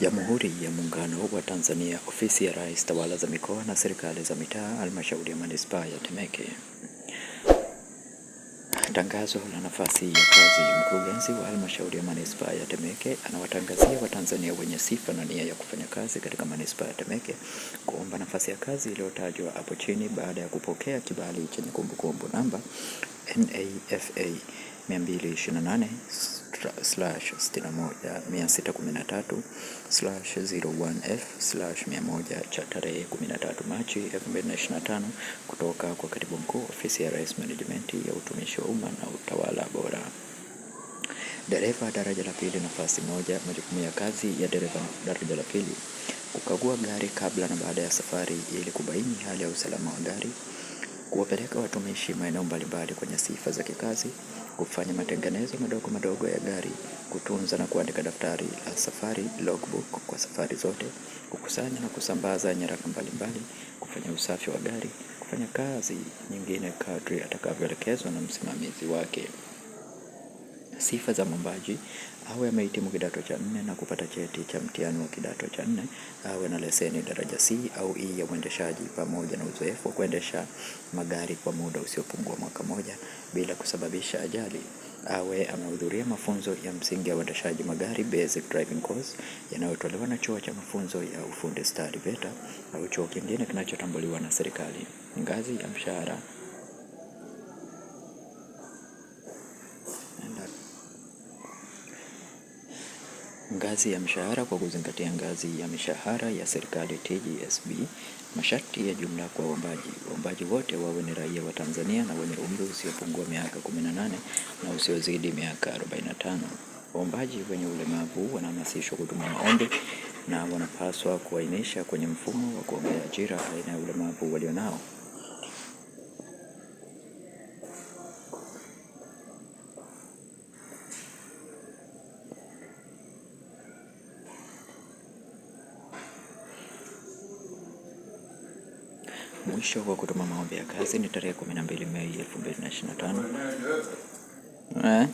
Jamhuri ya Muungano wa Tanzania, Ofisi ya Rais, Tawala za Mikoa na Serikali za Mitaa, Halmashauri ya Manispaa ya Temeke. Tangazo la nafasi ya kazi. Mkurugenzi wa Halmashauri ya Manispaa ya Temeke anawatangazia Watanzania wenye sifa na nia ya kufanya kazi katika Manispaa ya Temeke kuomba nafasi ya kazi iliyotajwa hapo chini baada ya kupokea kibali chenye kumbukumbu namba NAFA 228 613/01F/100 cha tarehe 13 Machi 2025 kutoka kwa Katibu Mkuu, Ofisi ya Rais, Management ya Utumishi wa Umma na Utawala Bora. Dereva daraja la pili, nafasi moja. Majukumu ya kazi ya dereva daraja la pili: kukagua gari kabla na baada ya safari ili kubaini hali ya usalama wa gari kuwapeleka watumishi maeneo mbalimbali kwenye sifa za kikazi, kufanya matengenezo madogo madogo ya gari, kutunza na kuandika daftari la safari logbook kwa safari zote, kukusanya na kusambaza nyaraka mbalimbali, kufanya usafi wa gari, kufanya kazi nyingine kadri atakavyoelekezwa na msimamizi wake sifa za mwombaji awe amehitimu kidato cha nne na kupata cheti cha mtihani wa kidato cha nne, awe na leseni daraja C au E ya uendeshaji pamoja na uzoefu wa kuendesha magari kwa muda usiopungua mwaka moja bila kusababisha ajali, awe amehudhuria mafunzo ya msingi ya uendeshaji magari basic driving course yanayotolewa na chuo cha mafunzo ya ufundi stadi VETA au chuo kingine kinachotambuliwa na serikali. Ngazi ya mshahara Ngazi ya mshahara kwa kuzingatia ngazi ya mishahara ya serikali TGSB, masharti ya jumla kwa waombaji. Waombaji wote wawe ni raia wa Tanzania na wenye umri usiopungua miaka 18 na usiozidi miaka 45. Waombaji wenye ulemavu wanahamasishwa kutuma maombi na wanapaswa kuainisha kwenye mfumo wa kuombea ajira aina ya ulemavu walionao. mwisho wa kutuma maombi ya kazi ni tarehe 12 Mei 2025. Eh?